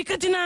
dikkati na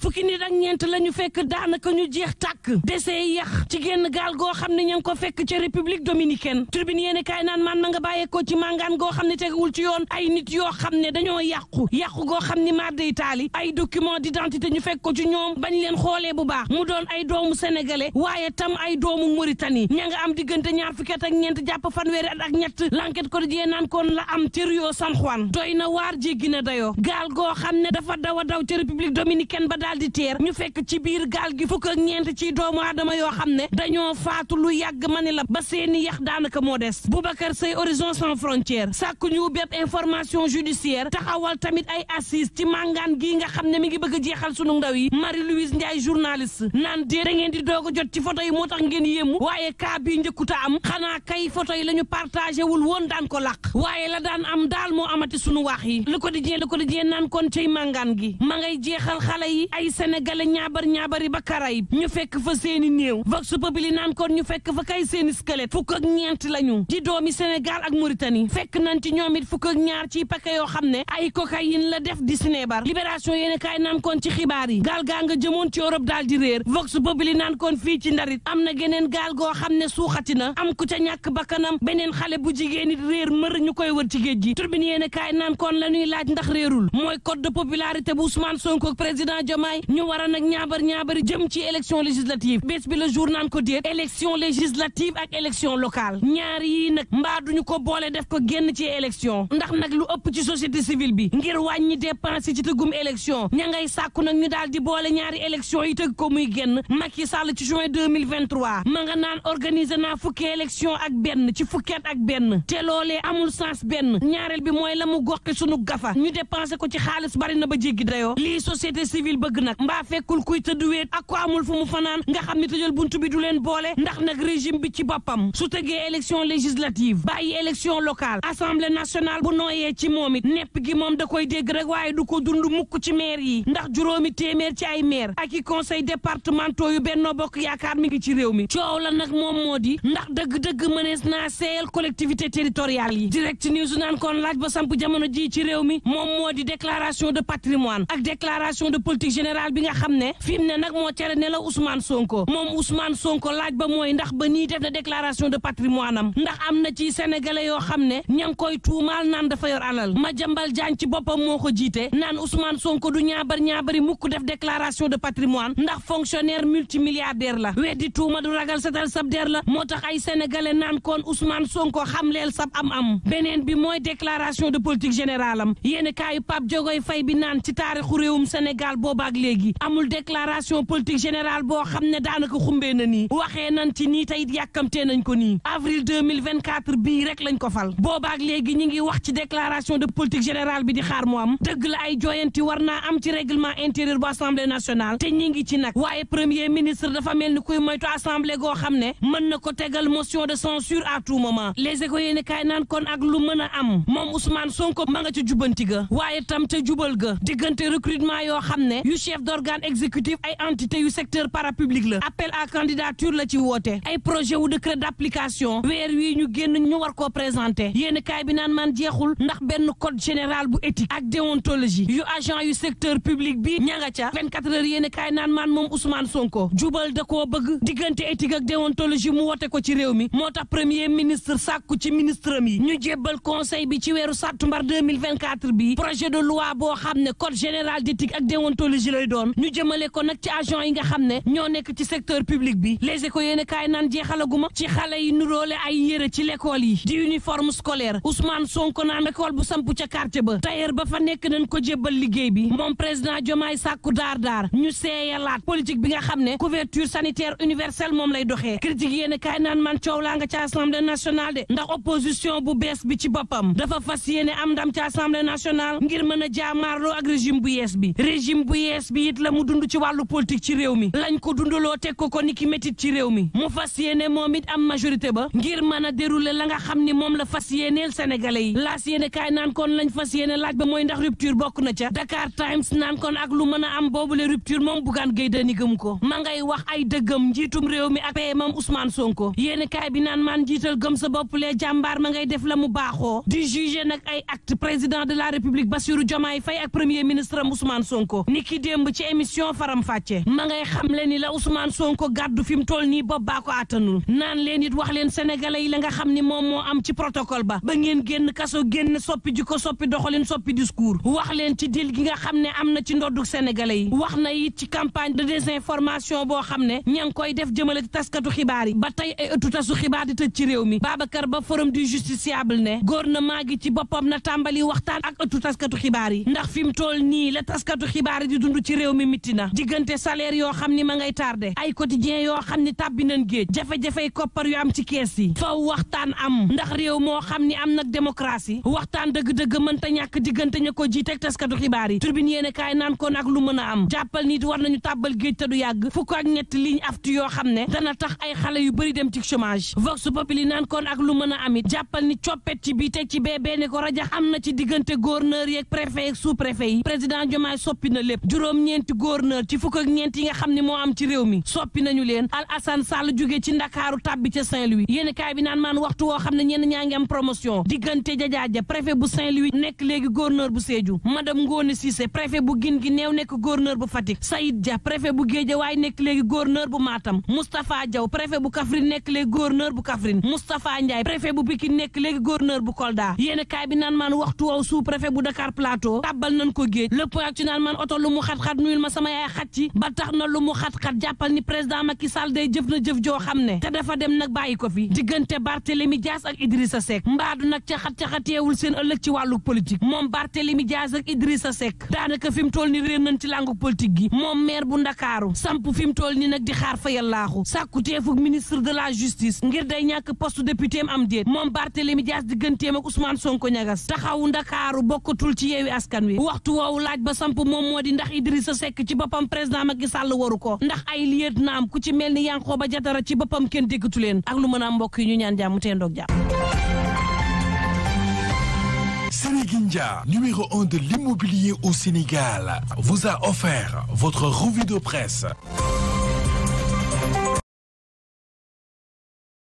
fukki nit ak ñeent la ñu fekk daanaka ñu jeex tàkk desee yax ci génn gaal goo xam ne ña ngi ko fekk ca république dominicaine turbine yéen kaay naan maan ma nga bàyyeekoo ci màngaan goo xam ne tegewul ci yoon ay nit yoo xam ne dañoo yàqu yàqu goo xam ne maar day taali ay document d'identité ñu fekk ko ci ñoom bañ leen xoolee bu baax mu doon ay doomu sénégalais waaye tam ay doomu Mauritanie ña nga am diggante ñaar fukki at ak ñeent jàpp fanweeri at ak ñett l'enquête ko di naan kon la am San Juan na waar jéggi na dayoo gaal goo a ca république dominicaine ba daal di teer ñu fekk ci biir gaal gi fukk ak ñeent ciy doomu aadama yoo xam ne dañoo faatu lu yàgg ma ni la ba seeni yax daanaka moo des Boubacar Seye horizon sans frontière sàkku ñu bépp information judiciaire taxawal tamit ay assise ci màngaan gi nga xam ne mi ngi bëgg a jeexal sunu ndaw yi Marie-Louise Ndiaye journaliste naan dee da ngeen di doog jot ci foto yi moo tax ngeen yéemu waaye cas bi njëkkuta am xanaa kay photo yi la ñu partagé wul woon daan ko làq waaye la daan am daal moo amati sunu wax yi Le Quotidien Le Quotidien naan kon cay màngaan gi ma ngay jeexal xale yi ay sénégalais ñaabar ñaabari ba karayib ñu fekk fa seeni néew vox populi naan kon ñu fekk fa kay seeni squelette fukk ak ñeent lañu di doomi sénégal ak mauritanie fekk nañ ci ñoom it fukk ñaar ci paquet yoo xam ne ay cocaïne la def di sineebar libération yéene kaay naan kon ci xibaar yi gaal gaa nga jëmoon ci europe daal di réer vox populi naan kon fii ci ndarit am na geneen gaal goo xam ne suuxati na am ku ca ñàkk bakkanam beneen xale bu jigéen it réer mër ñu koy wër ci géej gi turbine yéene kaay naan la ñuy laaj ndax réerul bu Ousmane Sonko ak président Diomaye ñu war a nag ñaabar ñaabari jëm ci élection législative bés bi la jour naan ko déet élection législative ak élection locale ñaar yi nag mbaa ñu ko boole def ko génn ci élection ndax nag lu ëpp ci société civile bi ngir wàññi dépense ci tëggum élection ña ngay sàkku nag ñu daal di boole ñaari élection yi tëgg ko muy génn Macky Sall ci juin 2023 ma nga naan organiser naa fukki élection ak benn ci fukkeet ak benn te loolee amul sens benn ñaareel bi mooy la mu goqi sunu gafa ñu dépensé ko ci xaalis bari na ba jéggi solo lii société civile bëgg nag mbaa fekkul kuy tëdd wéet ak ko amul fu mu fanaan nga xam ni tëjal bunt bi du leen boole ndax nag régime bi ci boppam su tëgee élection législative bàyyi élection locale assemblée nationale bu nooyee ci moom it nepp gi moom da koy dégg rek waaye du ko dund mukk ci maire yi ndax juróomi téeméer ci ay maire ak i conseil départementaux yu bennoo bokk yaakaar mi ngi ci réew mi coow la nag moom moo di ndax dëgg-dëgg mënees naa seeyal collectivité territoriale yi direct news naan kon laaj ba samp jamono ji ci réew mi moom moo di déclaration de patrimoine ak déclaration de politique générale bi nga xam ne fi mu ne nag moo tere ne la Ousmane Sonko moom Ousmane Sonko laaj ba mooy ndax ba nii def na déclaration de patrimoine ndax am na ci sénégalais yoo xam ne ña ngi koy tuumaal naan dafa yor alal Madiambal Diagne ci boppam moo ko jiite naan Ousmane Sonko du ñaabar ñaabari mukk def déclaration de patrimoine ndax fonctionnaire multimilliardaire la weddi tuuma du ragal setal sab der la moo tax ay sénégalais naan kon Ousmane Sonko xamleel sab am-am beneen bi mooy déclaration de politique générale am yéen kaayu Pape Diogoy Faye bi naan ci taarixu waxu réewum Sénégal boobaak léegi amul déclaration politique général boo xam ne daanaka xumbee na nii waxee nañ ci nii tey yàkkamtee nañ ko nii avril 2024 bii rek lañ ko fal boobaak léegi ñi ngi wax ci déclaration de politique général bi di xaar mo am dëgg la ay jooyanti war na am ci réglement intérieur bu assemblée nationale te ñi ngi ci nag waaye premier ministre dafa mel ni kuy moytu assemblée goo xam ne mën na ko tegal motion de censure à tout moment les éco yéeni kaay naan kon ak lu mën a am moom Ousmane Sonko ma nga ca jubanti recrutement yo xamné yu chef d'organe exécutif ay entité yu secteur parapublic la appel à candidature la ci woté ay projet wu décret d'application weer wi ñu génn ñu war ko présenter. yene kay bi nan man ndax ben code général bu éthique ak déontologie yu agent yu secteur public bi ñanga ca 24 heures yene kay nan man mom Ousmane Sonko jubal de ko bëgg digënté éthique ak déontologie mu woté ko ci réew mi premier ministre sakku ci ministre mi ñu djébal conseil bi ci weeru 2024 bi projet de loi bo xamné code général général d'éthique ak déontologie lay doon ñu jëmale ko nag ci agent yi nga xam ne ñoo nekk ci secteur public bi les écoles yéen a kaay naan jeexalaguma ci xale yi nuróole ay yére ci l'école yi di uniforme scolaire Ousmane Sonko naan école bu samp ca quartier ba tailleur ba fa nekk nañ ko jébbal liggéey bi moom président Diomaye sàkku daar daar ñu seeyalaat politique bi nga xam ne couverture sanitaire universelle moom lay doxee critique yéen a naan man coow laa nga ci assemblée nationale de ndax opposition bu bees bi ci boppam dafa fas yéene am ndam ci assemblée nationale ngir mën a jaamaarloo yees bi régime bu yees bi it la mu dund ci wàllu politique ci réew mi lañ ko dundaloo teg ko ko ni ki métit ci réew mi mu fas yéene moom it am majorité ba ngir mën a dérouler la nga xam ni moom la fas yéeneel sénégalais yi laas yéene kaay naan kon lañ fas yéene laaj ba mooy ndax rupture bokk na ca Dakar Times naan kon ak lu mën a am boobule rupture moom bugaan géy dani ko ma ngay wax ay dëggam njiitum réew mi ak PM am Ousmane Sonko yéene kaay bi naan maan njiital sa bopp lee jàmbaar ma ngay def la mu baaxoo di juger nag ay la république Bassirou Diomaye Faye ak premier njiitalam Ousmane Sonko ni ki démb ci émission faram fàcce ma ngay xam le ni la Ousmane Sonko gàddu fi mu toll nii bopp baa ko àttanul naan leen it wax leen sénégalais yi la nga xam ni moom moo am ci protocole ba ba ngeen génn kaso génn soppi jikko soppi doxalin soppi discours wax leen ci dil gi nga xam ne am na ci ndoddu sénégalais yi wax na it ci campagne de désinformation boo xam ne ña ngi koy def jëmale taskatu xibaar yi ba tey ay tasu xibaar di tëj ci réew mi Babacar Ba forum du justiciable ne gouvernement gi ci boppam na tàmbali waxtaan ak taskatu xibaar yi la taskatu xibaar yi di dund ci réew mi mitti na diggante salaire yoo xam ni ma ngay tardé ay quotidien yoo xam ni tàbbi nañ géej jafe-jafey koppar yu am ci kees yi faw waxtaan am ndax réew moo xam ni am nag démocratie waxtaan dëgg-dëgg mënta ñàkk diggante ña ko jiiteeg taskatu xibaar yi turbine yéen kaay naan ko nag lu mën a am jàppal nit war nañu tàbbal géej te du yàgg fukk ak ñetti ligne aftu yoo xam ne dana tax ay xale yu bëri dem ci chômage vox populi naan kon ak lu mën a amit jàppal ni coppet ci bii teg ci bee ne ko rajax am na ci diggante gouverneur yeeg préfet yeeg président Diomaye soppi na lépp juróom-ñeenti góor gouverneur ci fukk ak ñeent yi nga xam ni moo am ci réew mi soppi nañu leen Al Assane Sall jóge ci Ndakaaru tàbbi ca Saint-Louis yéen kaay bi naan maan waxtu woo xam ne ñenn ñaa am promotion diggante jajaaja préfet bu saint nekk léegi gouverneur bu Sédhiou madame Ngone Cissé préfet bu Guinguinéo nekk gouverneur bu Fatick Saïd Dia préfet bu Guédiawaye nekk léegi gouverneur bu Matam Moustapha Diaw préfet bu Kaffrine nekk léegi gouverneur bu Kaffrine Moustapha Ndiaye préfet bu Pikine nekk léegi gouverneur bu Kolda yéen kaay bi naan maan waxtu woow sous préfet bu Dakar Plateau tàbbal nañ ko géej point actu naan man oto lu mu xat ba tax na lu mu xat-xat jàppal ni président Macky Sall day jëf jëf joo xam ne dafa dem nag bàyyi ko fi diggante Barthélémy Dias ak Idrissa Seck mbaadu nag ca xat ca xateewul seen ëllëg ci wàllu politique moom Barthélémy Dias ak Idrissa Seck daanaka fi mu toll ni réer nañ ci langu politique gi moom maire bu Ndakaaru samp fi mu toll ni nag di xaar fa yàllaaxu sàkkuteefuk ministre de la justice ngir day ñàkk post député am déet moom Barthélémy Dias digganteem ak Ousmane Sonko ñagas taxawu Ndakaaru bokkatul ci yeewi askan wi waxtu woowu ba samp mom modi ndax Idrissa Seck ci bopam président Macky Sall waru ko ndax ay liet ku ci melni ni Yankhoba Diattara ci bopam ken déggatu leen ak lu meuna mbok ñu ñaan jàmm te ndoog jàmm Sénéguindia, numéro 1 de l'immobilier au Sénégal, vous a offert votre revue de presse.